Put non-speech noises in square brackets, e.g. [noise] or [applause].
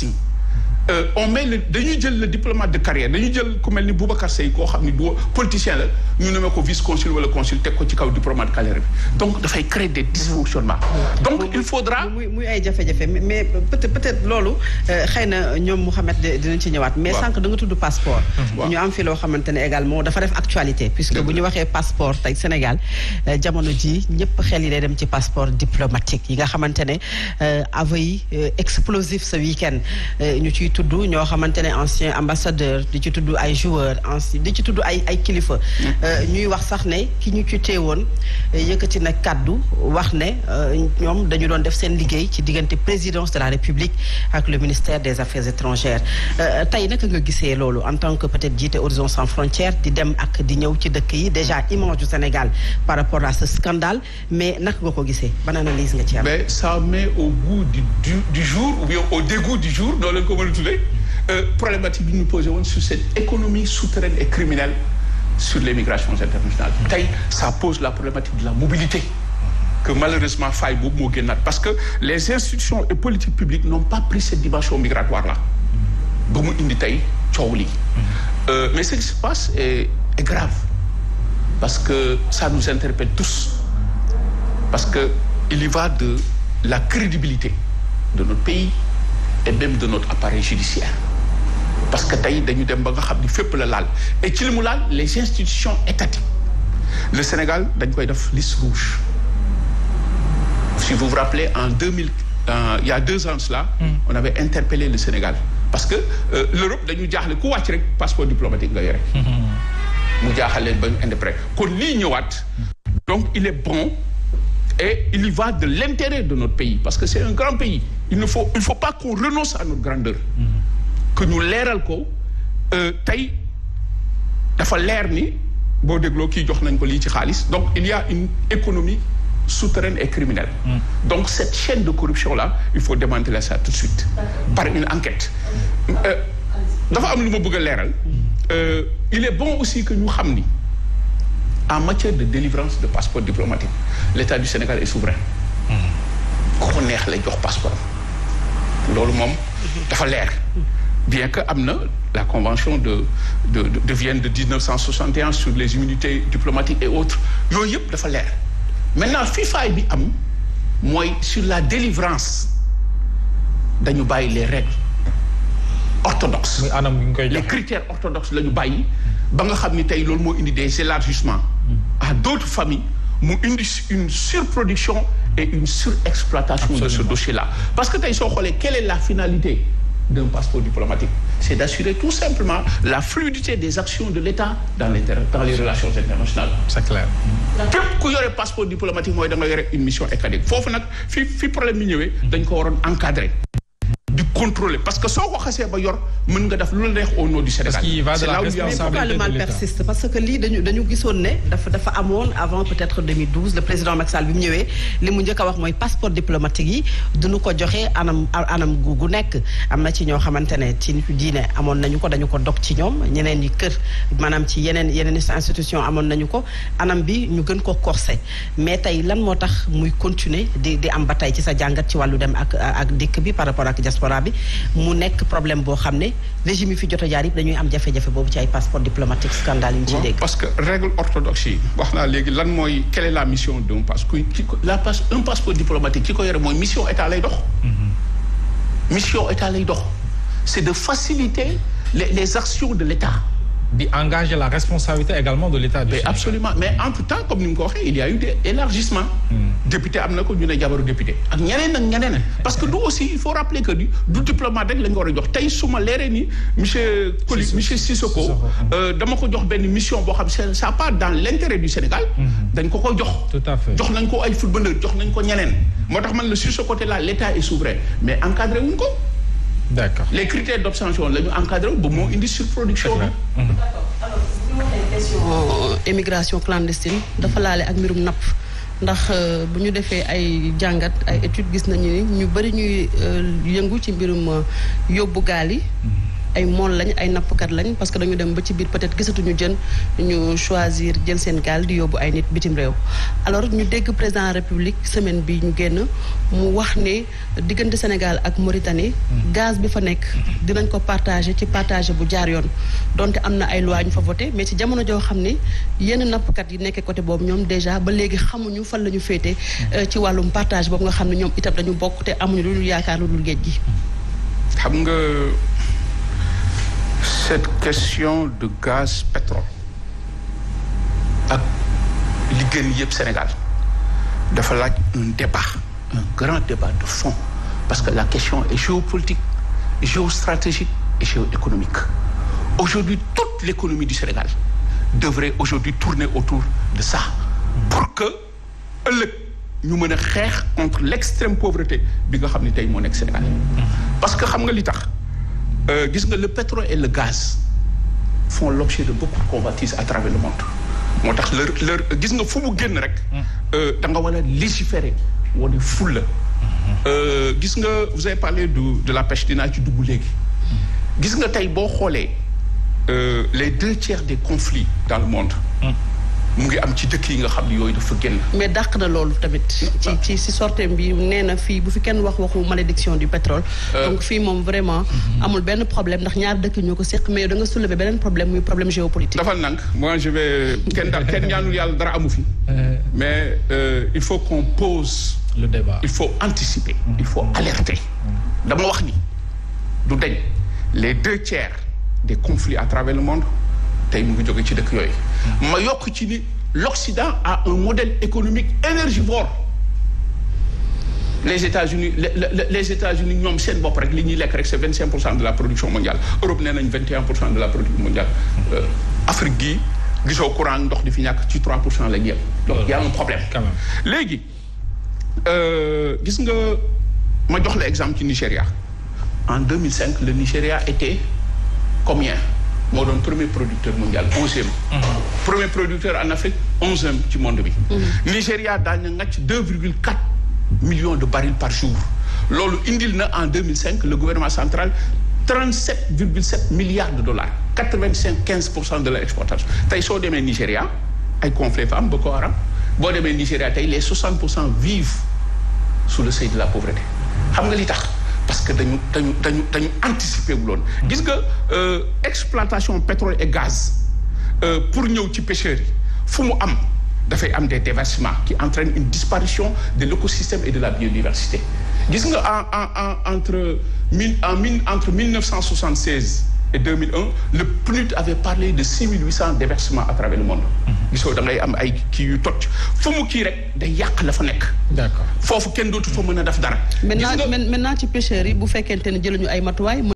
sim Euh, dañuy jël le diplomate de carrière dañuy jël ku mel ni Boubacar Seye koo xam ni du politicien la ñu nommé ko vice consul wala consul teg ko ci kaw diplomate de carrière bi donc dafay créer des dysfonctionnements donc il faudra muy ay jafe-jafe mais peut peut-être loolu euh, xëy na ñoom Mouhamed dinañ ci ñëwaat mais sànq da nga tudd passeport ñu am fi loo xamante ne également dafa def actualité puisque bu ñu waxee passeport tey Sénégal euh, jamono ji ñëpp xel yi day dem ci passeport ne tudd ñoo xamante ne ancien ambassadeur di ci tudd ay joueur ancien di ci tudd ay kilifa. Mm. Euh, ñuy wax sax ne ki ñu ci teewoon euh, yëkkati na kàddu wax ne euh, ñoom dañu doon def seen liggéey ci diggante présidence de la république ak le ministère des affaires étrangères tey naka nga gisee loolu en tant que peut-être jiite Horizon sans frontières di dem ak di ñëw ci dëkk yi déjà image du Sénégal par rapport à ce scandale mais naka nga ko gisee ban analyse nga ci retrouver euh, problématique bi ñu posé woon sur cette économie souterraine et criminelle sur les migrations internationales tey ça pose la problématique de la mobilité que malheureusement faille boobu moo parce que les institutions et politiques publiques n'ont pas pris cette dimension migratoire là ba mu indi tey coow li euh, mais ce qui se passe est, grave parce que ça nous interpelle tous parce que il y va de la crédibilité de notre pays et même de notre appareil judiciaire parce que tey dañu dem ba nga xam ni fépp la laal et ci li mu laal les institutions étatiques le Sénégal dañ koy def liste rouge si vous vous rappelez en deux mille euh, il y a deux ans cela mm. on avait interpellé le Sénégal parce que euh, l'Europe dañu jaaxle ku wàcc rek passeport diplomatique nga yore mm-hmm. mu jaaxal leen ba ñu indi prêt kon lii ñëwaat mm. donc il est bon et il y va de l'intérêt de notre pays parce que c'est un grand pays il ne faut il faut pas qu'on renonce à notre grandeur mm-hmm. que ñu leeral ko euh, tey dafa leer ni boo dégloo kii jox nañ ko lii ci xaalis donc il y une économie souterraine et criminelle mm. donc cette chaîne de corruption la il faut démanteler ça tout de suite mm. par une enquête mm-hmm. euh, dafa am lu ma bëgg a leeral mm-hmm. euh, il est bon aussi que ñu xam ni en matière de délivrance de passeport diplomatique l'État du Sénégal est souverain ku ko neex lay jox passeport loolu moom dafa leer bien que am na la convention de de de Vienne de 1961 sur les immunités diplomatiques et autres yooyu yëpp dafa leer maintenant fii faay bi am mooy sur la délivrance dañu bàyyi les règles orthodoxes les critères orthodoxes la ñu bàyyi ba nga xam ni tey loolu moo indi des élargissements à d'autres familles mu indi une surproduction et une surexploitation de ce dossier-là. Parce que tey soo xoolee quelle est la finalité d'un passeport diplomatique c'est d'assurer tout simplement la fluidité des actions de l'État dans les relations internationales. c'est clair. fépp ku yore passeport diplomatique mooy da nga yore une mission étatique foofu nag fi problème bi ñëwee dañ ko waroon contrôler parce que soo ko xasee ba yor mën nga def lu la neex au nom du Sénégal. c'est là que lii dañu dañu ne dafa dafa amoon avant peut-être 2012 le président Macky Sall bi mu ñëwee li mu njëkk a wax mooy passeport diplomatique yi duñu ko joxe anam anam gu gu nekk am na ci ñoo xamante ne ci nitu diine amoon nañu ko dañu ko dog ci ñoom ñeneen ñi kër maanaam ci yeneen yeneen institution amoon nañu ko anam bi ñu gën ko corsé mais tey lan moo tax muy continuer di di am ba tey ci sa jàngat ci wàllu dem ak dikk bi par rapport ak diaspora bi mu nekk problème boo xam ne régime yi fi jot a jaar yëpp dañuy am jafe-jafe boobu ci ay passeport diplomatique scandale yi ñu dégg. parce que règle orthodoxe yi wax naa léegi lan mooy quelle la mission d'un passeport que ko la passe un passeport diplomatique ki ko yore mooy mission état lay dox. Mm-hmm. mission état lay dox c'est de faciliter les les actions de l'état di engager la responsabilité également de l'État du mais Sénégal. absolument mais entre-temps comme ni mu ko waxee il y a eu des élargissements hmm. député am na ko ñu ne jabaru député ak ñeneen ak ñeneen parce que du aussi il faut rappeler que du du diplomate rek la war a jox tey su ma leeree ni monsieur Coly monsieur Sissoko euh, dama ko jox benn mission boo xam ne ça part dans l'intérêt du Sénégal hmm. dañ ko ko jox tout à fait jox nañ ko ay footballeur jox nañ ko ñeneen moo tax man la sur ce mais encadré ko d'accord les critères d'obtention la ñu encadré ba moo indi surproduction bi. d'accord alors bu immigration euh, clandestine dafa laale ak mbirum napp. ndax euh, bu ñu defee ay jàngat ay études gis nañu ni ñu bëri ñuy euh, yëngu ci mbirum yóbbu gaal yi mm-hmm. ay mool lañ ay nappkat lañ parce que dañu dem ba ci biir peut-être gisatuñu jën ñu choisir jël seen gaal di yóbbu ay nit bitim réew. alors ñu dégg président république semaine bi ñu génn mu wax ne diggante Sénégal ak Mauritanie. Mm-hmm. gaz bi fa nekk. Mm-hmm. dinañ ko partager ci partager bu jaar yoon donte am na ay loi ñu mais ci jamono joo xam ne yenn nappkat yi nekkee côté boobu ñoom déjà ba léegi xamuñu fan la ñu féete. Mm-hmm. Euh, ci wàllum partage boobu nga xam ne ñoom itam dañu bokk te amuñu lu dul yaakaar lu dul géej gi. xam nga. cette question de gaz pétrole ak li génn yëpp Sénégal dafa laaj un débat un grand débat de fond parce que la question est géopolitique géostratégique et géoéconomique aujourd'hui toute l'économie du Sénégal devrait aujourd'hui tourner autour de ça pour que ëllëg ñu mën a xeex contre l'extrême pauvreté bi nga xam ne tey moo nekk Sénégal parce que xam nga li tax Euh, gis nga le pétrole et le gaz font l'objet de beaucoup de à travers le monde moo tax leur leur gis nga fu mu génn rek mm. euh, da nga war a légiférer wane fulla mm-hmm. euh, gis nga vous avez parlé de de la pêche dinaa ci dugg léegi mm. gis nga tey boo xoolee les deux tiers des conflits dans le monde mm. mu ngi am ci dëkk yi nga xam ne yooyu dafa génn. mais dàq na loolu tamit. [laughs] ci ci si sorteem bi nee na fii bu fi kenn wax waxu malédiction du pétrole. Euh. donc fii moom vraiment. Mhm. amul benn problème ndax ñaar dëkk ñoo ko séq mais da nga soulever beneen problème muy problème géopolitique. dafal nang moi je vais kenn da kenn ñaanul yàlla dara amu fi. Euh. mais euh, il faut qu'on pose. le débat il faut anticiper. Mm. il faut alerter. Mm. dama wax ni du dañ les deux tiers des conflits à travers tey mu ngi jóge ci dëkk yooyu. ma yokk ci ni l'Occident a un modèle économique énergivore. les États-Unis les États-Unis ñoom seen bopp rek li ñuy lekk rek c'est vingt cinq pour cent de la production mondiale Europe nee nañ vingt et un pour cent de la production mondiale euh, Afrique gisoo courant ndox di fi ñàkk ci trois pour cent la ñu a un problème quand même léegi euh, gis nga ma jox la exemple ci Nigéria en deux mille cinq le Nigéria était combien moo doon premier producteur mondial onzième mm-hmm. premier producteur en Afrique onzième ci monde bi mm-hmm. Nigéria daal na ngàcc deux virgule quatre millions de barils par jour loolu indil na en deux mille cinq le gouvernement central trente sept virgule sept milliards de dollars quatre vingt cinq cent de l'exportation tey soo demee Nigéria ay conflit fa am Boko Haram boo demee Nigéria tey les soixante pour cent vivent sous le seuil de la pauvreté xam nga li tax parce que dañu dañu dañu dañu anticiper wu loon gis nga euh, exploitation pétrole et gaz euh, pour ñëw ci pêcheurs yi fu mu am dafay am des déversements qui entraînent une disparition de l'écosystème et de la biodiversité gis nga en en en entre mille en mille entre mille neuf cent soixante-seize le PNUD avait parlé de 6800 déversements à travers le monde. Mhm. gisoo da ngay am ay kii yu toj fu mu kii rek day yàq la fa nekk. d'accord foofu kenn dootu fa mën a def dara. gis nga ci pêcheurs yi bu fekkente ne jëluñu ay matuwaay.